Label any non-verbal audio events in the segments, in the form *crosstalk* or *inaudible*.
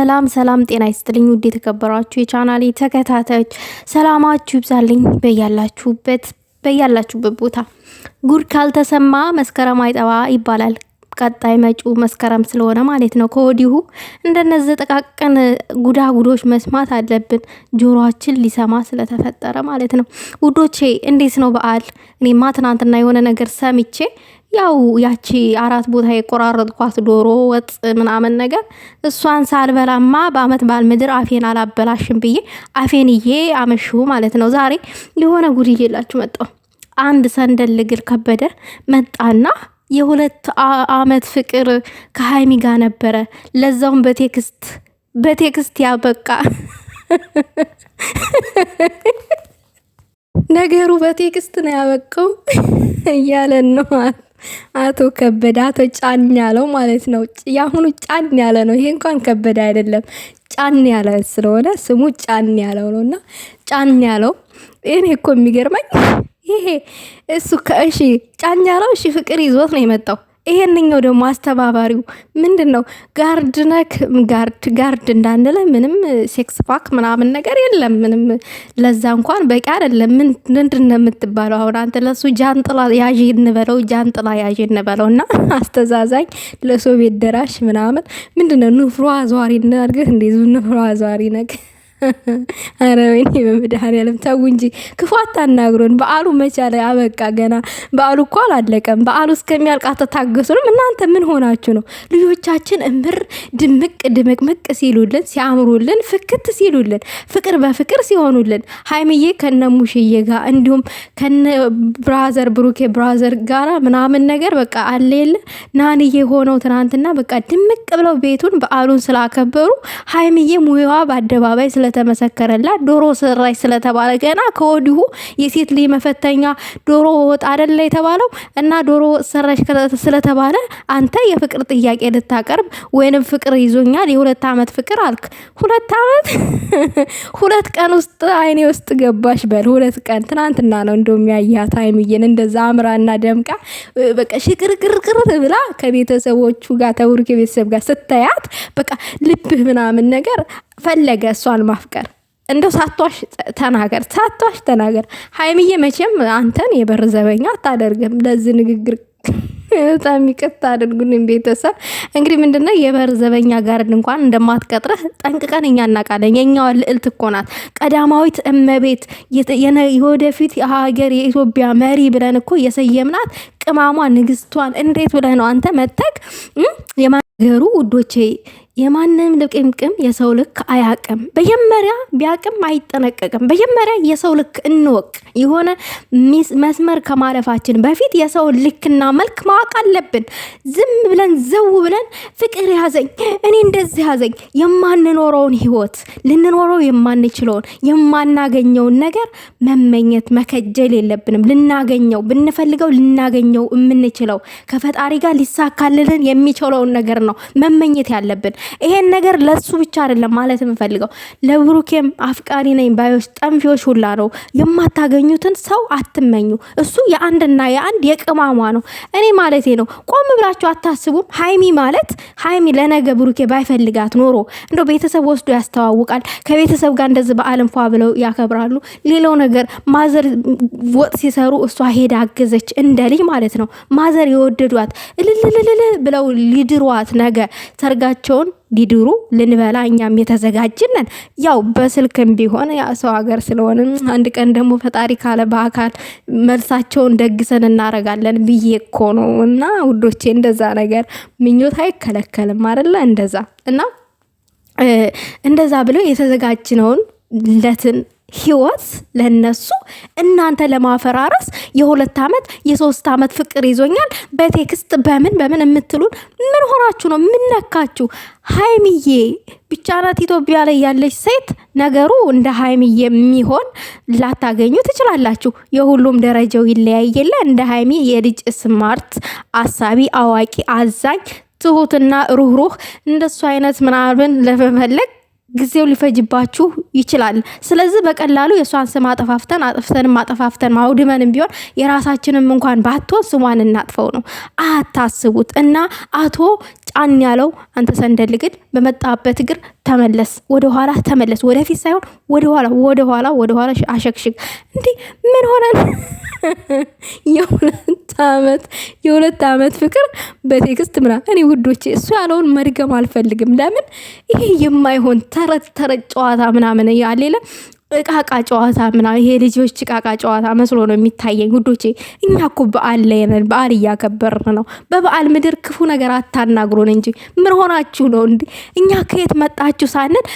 ሰላም ሰላም፣ ጤና ይስጥልኝ ውድ የተከበራችሁ የቻናሌ ተከታታዮች ሰላማችሁ ይብዛልኝ በያላችሁበት በያላችሁበት ቦታ። ጉድ ካልተሰማ መስከረም አይጠባ ይባላል። ቀጣይ መጪው መስከረም ስለሆነ ማለት ነው። ከወዲሁ እንደነዚህ ጥቃቅን ጉዳጉዶች መስማት አለብን፣ ጆሮችን ሊሰማ ስለተፈጠረ ማለት ነው። ውዶቼ እንዴት ነው በዓል? እኔማ ትናንትና የሆነ ነገር ሰምቼ ያው ያቺ አራት ቦታ የቆራረጥኳት ዶሮ ወጥ ምናምን ነገር እሷን ሳልበላማ በአመት ባል ምድር አፌን አላበላሽም ብዬ አፌንዬ አመሽሁ ማለት ነው። ዛሬ የሆነ ጉድ ይዤላችሁ መጣሁ። አንድ ሰንደል ከበደ መጣና የሁለት አመት ፍቅር ከሀይሚ ጋር ነበረ። ለዛውም በቴክስት በቴክስት ያበቃ ነገሩ በቴክስት ነው ያበቃው እያለን ነው። አቶ ከበደ አቶ ጫን ያለው ማለት ነው። የአሁኑ ጫን ያለ ነው። ይሄ እንኳን ከበደ አይደለም፣ ጫን ያለ ስለሆነ ስሙ ጫን ያለው ነው። እና ጫን ያለው እኔ እኮ የሚገርመኝ ይሄ እሱ ከእሺ ጫን ያለው እሺ ፍቅር ይዞት ነው የመጣው ይሄንኛው ደግሞ አስተባባሪው ምንድን ነው? ጋርድ ነክ ጋርድ ጋርድ እንዳንለ ምንም ሴክስ ፓክ ምናምን ነገር የለም። ምንም ለዛ እንኳን በቂ አይደለም። ምንድን ነው የምትባለው አሁን አንተ? ለሱ ጃንጥላ ያዥ እንበለው፣ ጃንጥላ ያዥ እንበለው እና አስተዛዛኝ ለሶቤት ደራሽ ምናምን ምንድን ነው ንፍሮ አዟሪ እናድርግህ እንደዚ ንፍሮ አዟሪ ነገር *laughs* አረ ወይኔ በመድኃኒዓለም ተው እንጂ ክፉ አታናግሩን። በዓሉ መቼ ላይ አበቃ? ገና በዓሉ እኮ አላለቀም። በዓሉ እስከሚያልቅ አትታገሱንም እናንተ? ምን ሆናችሁ ነው? ልጆቻችን እምር ድምቅ ድምቅምቅ ሲሉልን፣ ሲያምሩልን፣ ፍክት ሲሉልን፣ ፍቅር በፍቅር ሲሆኑልን፣ ሀይምዬ ከነ ሙሽዬ ጋር እንዲሁም ከነ ብራዘር ብሩኬ ብራዘር ጋራ ምናምን ነገር በቃ አለ ናንዬ ሆነው ትናንትና በቃ ድምቅ ብለው ቤቱን በዓሉን ስላከበሩ ሀይምዬ ሙያዋ በአደባባይ ስለ ስለተመሰከረላት ዶሮ ሰራች ስለተባለ ገና ከወዲሁ የሴት ልጅ መፈተኛ ዶሮ ወጥ አደለ የተባለው እና ዶሮ ወጥ ሰራች ስለተባለ አንተ የፍቅር ጥያቄ ልታቀርብ ወይንም ፍቅር ይዞኛል የሁለት አመት ፍቅር አልክ። ሁለት አመት *laughs* ሁለት ቀን ውስጥ አይኔ ውስጥ ገባሽ በል። ሁለት ቀን ትናንትና ነው እንደውም ያያት ሀይሚዬን እንደዛ አምራና ደምቃ በቃ ሽቅርቅርቅር ብላ ከቤተሰቦቹ ጋር ተውርክ ቤተሰብ ጋር ስታያት በቃ ልብህ ምናምን ነገር ፈለገ እሷን ማፍቀር እንደው ሳቷሽ ተናገር፣ ሳቷሽ ተናገር። ሀይምዬ መቼም አንተን የበር ዘበኛ አታደርግም። ለዚህ ንግግር በጣም ይቅርታ ቤተሰብ። እንግዲህ ምንድነው የበር ዘበኛ ጋር እንኳን እንደማትቀጥረህ ጠንቅቀን እኛ እናውቃለን። የኛዋ ልዕልት እኮ ናት ቀዳማዊት እመቤት የወደፊት የሀገር የኢትዮጵያ መሪ ብለን እኮ የሰየምናት ቅማሟ ንግስቷን። እንዴት ብለህ ነው አንተ መተክ የማገሩ ውዶቼ የማንም ልቅምቅም የሰው ልክ አያቅም። በጀመሪያ ቢያቅም አይጠነቀቅም። በጀመሪያ የሰው ልክ እንወቅ። የሆነ መስመር ከማለፋችን በፊት የሰው ልክና መልክ ማወቅ አለብን። ዝም ብለን ዘው ብለን ፍቅር ያዘኝ እኔ እንደዚህ ያዘኝ የማንኖረውን ህይወት ልንኖረው የማንችለውን የማናገኘውን ነገር መመኘት መከጀል የለብንም። ልናገኘው ብንፈልገው ልናገኘው የምንችለው ከፈጣሪ ጋር ሊሳካልልን የሚችለውን ነገር ነው መመኘት ያለብን። ይሄን ነገር ለሱ ብቻ አይደለም ማለት የምፈልገው ለብሩኬም አፍቃሪ ነኝ ባዮች ጠንፊዎች ሁላ ነው። የማታገኙትን ሰው አትመኙ። እሱ የአንድና የአንድ የቅማሟ ነው። እኔ ማለት ነው። ቆም ብላችሁ አታስቡም? ሀይሚ ማለት ሀይሚ ለነገ ብሩኬ ባይፈልጋት ኖሮ እንደ ቤተሰብ ወስዶ ያስተዋውቃል። ከቤተሰብ ጋር እንደዚህ በዓለም ፏ ብለው ያከብራሉ። ሌላው ነገር ማዘር ወጥ ሲሰሩ እሷ ሄዳ አገዘች እንደልኝ ማለት ነው። ማዘር የወደዷት እልልልልል ብለው ሊድሯት ነገ ሰርጋቸውን ሊድሩ ልንበላ እኛም የተዘጋጅነን ያው በስልክም ቢሆን ሰው ሀገር ስለሆነ አንድ ቀን ደግሞ ፈጣሪ ካለ በአካል መልሳቸውን ደግሰን እናረጋለን ብዬ እኮ ነው። እና ውዶቼ እንደዛ ነገር ምኞት አይከለከልም አይደለ? እንደዛ እና እንደዛ ብለው የተዘጋጅነውን ለትን ህይወት ለነሱ እናንተ ለማፈራረስ የሁለት ዓመት የሶስት ዓመት ፍቅር ይዞኛል በቴክስት በምን በምን የምትሉን ምን ሆናችሁ ነው? ምን ነካችሁ? ሀይሚዬ ብቻ ናት ኢትዮጵያ ላይ ያለች ሴት። ነገሩ እንደ ሀይምዬ የሚሆን ላታገኙ ትችላላችሁ። የሁሉም ደረጃው ይለያየለ። እንደ ሀይሚ የልጅ ስማርት፣ አሳቢ፣ አዋቂ፣ አዛኝ፣ ትሁትና ሩህሩህ እንደሱ አይነት ምናምን ለመፈለግ ጊዜው ሊፈጅባችሁ ይችላል። ስለዚህ በቀላሉ የእሷን ስም አጠፋፍተን አጥፍተን አጠፋፍተን ማውድመንም ቢሆን የራሳችንም እንኳን ባትሆን ስሟን እናጥፈው ነው አታስቡት እና አቶ ጫን ያለው አንተ ሰንደልግድ በመጣበት እግር ተመለስ፣ ወደ ኋላ ተመለስ። ወደፊት ሳይሆን ወደ ኋላ ወደ ኋላ ወደ ኋላ አሸግሽግ። እንዴ ምን ሆነ? *laughs* የሁለት ዓመት የሁለት ዓመት ፍቅር በቴክስት ምና። እኔ ውዶቼ እሱ ያለውን መድገም አልፈልግም። ለምን ይሄ የማይሆን ተረት ተረት ጨዋታ ምናምን ያሌለ እቃቃ ጨዋታ ምና ይሄ ልጆች እቃቃ ጨዋታ መስሎ ነው የሚታየኝ ውዶቼ። እኛ እኮ በዓል ላይ ነን፣ በዓል እያከበርን ነው። በበዓል ምድር ክፉ ነገር አታናግሩን እንጂ ምን ሆናችሁ ነው እንዲ? እኛ ከየት መጣችሁ ሳንን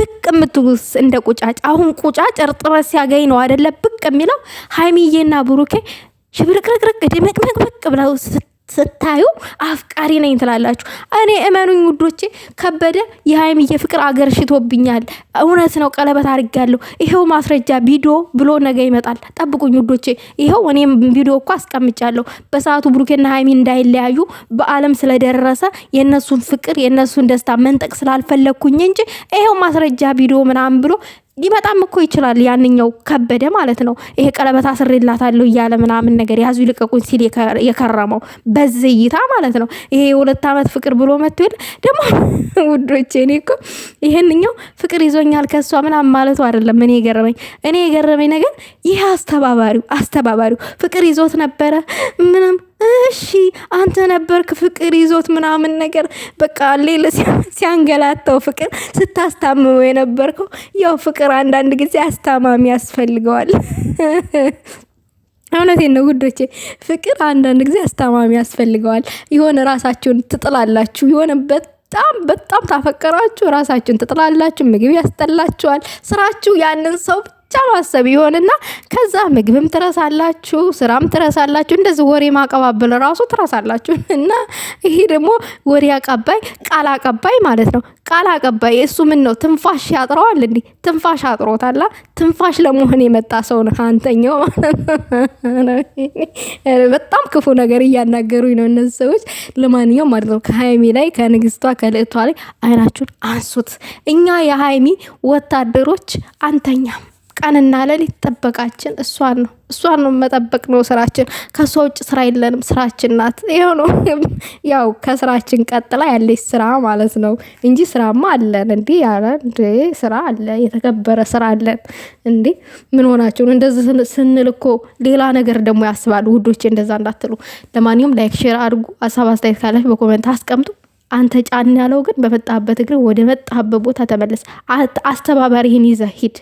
ብቅ የምትውስ እንደ ቁጫጭ። አሁን ቁጫጭ እርጥበት ሲያገኝ ነው አደለ ብቅ የሚለው። ሀይሚዬና ብሩኬ ሽብርቅርቅርቅ ድምቅምቅምቅ ብለው ስታዩ አፍቃሪ ነኝ ትላላችሁ። እኔ እመኑኝ ውዶቼ ከበደ የሀይሚዬ ፍቅር አገር ሽቶብኛል። እውነት ነው፣ ቀለበት አድርጋለሁ። ይሄው ማስረጃ ቪዲዮ ብሎ ነገ ይመጣል። ጠብቁኝ ውዶቼ። ይሄው እኔም ቪዲዮ እኮ አስቀምጫለሁ። በሰዓቱ ብሩኬና ሀይሚ እንዳይለያዩ በአለም ስለደረሰ የእነሱን ፍቅር የእነሱን ደስታ መንጠቅ ስላልፈለግኩኝ እንጂ ይሄው ማስረጃ ቪዲዮ ምናምን ብሎ ሊመጣም እኮ ይችላል ያንኛው ከበደ ማለት ነው። ይሄ ቀለበት አስሬላታለሁ እያለ ምናምን ነገር ያዙ ይልቀቁኝ ሲል የከረመው በዚህ እይታ ማለት ነው። ይሄ የሁለት ዓመት ፍቅር ብሎ መጥቶ የለ ደግሞ *laughs* ውዶቼ፣ እኔ እኮ ይሄንኛው ፍቅር ይዞኛል ከሷ ምናምን ማለቱ አይደለም እኔ የገረመኝ እኔ የገረመኝ ነገር ይሄ አስተባባሪው አስተባባሪው ፍቅር ይዞት ነበረ ምንም እሺ አንተ ነበርክ ፍቅር ይዞት ምናምን ነገር በቃ ሌለ ሲያንገላተው ፍቅር ስታስታምመው የነበርከው። ያው ፍቅር አንዳንድ ጊዜ አስታማሚ ያስፈልገዋል። እውነቴን ነው ጉዶቼ፣ ፍቅር አንዳንድ ጊዜ አስታማሚ ያስፈልገዋል። የሆነ ራሳችሁን ትጥላላችሁ የሆነበት በጣም በጣም ታፈቀራችሁ ራሳችሁን ትጥላላችሁ። ምግብ ያስጠላችኋል። ስራችሁ ያንን ሰው ብቻ ማሰብ ይሆንና ከዛ ምግብም ትረሳላችሁ፣ ስራም ትረሳላችሁ፣ እንደዚህ ወሬ ማቀባበል ራሱ ትረሳላችሁ። እና ይሄ ደግሞ ወሬ አቀባይ ቃል አቀባይ ማለት ነው። ቃል አቀባይ እሱ ምን ነው ትንፋሽ ያጥረዋል እንዲ ትንፋሽ አጥሮታላ። ትንፋሽ ለመሆን የመጣ ሰው ነው አንተኛው። በጣም ክፉ ነገር እያናገሩኝ ነው እነዚህ ሰዎች። ለማንኛውም ማለት ነው ከሀይሚ ላይ ከንግስቷ ከልዕቷ ላይ አይናችሁን አንሱት። እኛ የሀይሚ ወታደሮች አንተኛም ቀንና ሌሊት ጠበቃችን እሷን ነው። እሷን ነው መጠበቅ ነው ስራችን። ከእሷ ውጭ ስራ የለንም። ስራችን ናት። ይኸው ነው *laughs* ያው ከስራችን ቀጥላ ያለች ስራ ማለት ነው እንጂ ስራማ አለን። እንዲ ያለ ስራ አለ፣ የተከበረ ስራ አለን። እንዲ ምን ሆናችሁ? እንደዚህ ስንል እኮ ሌላ ነገር ደግሞ ያስባሉ ውዶች። እንደዛ እንዳትሉ። ለማንኛውም ላይክ፣ ሼር አድርጉ። ሀሳብ አስተያየት ካላችሁ በኮመንት አስቀምጡ። አንተ ጫን ያለው ግን በመጣህበት እግር ወደ መጣህበት ቦታ ተመለስ። አስተባባሪህን ይዘህ ሂድ።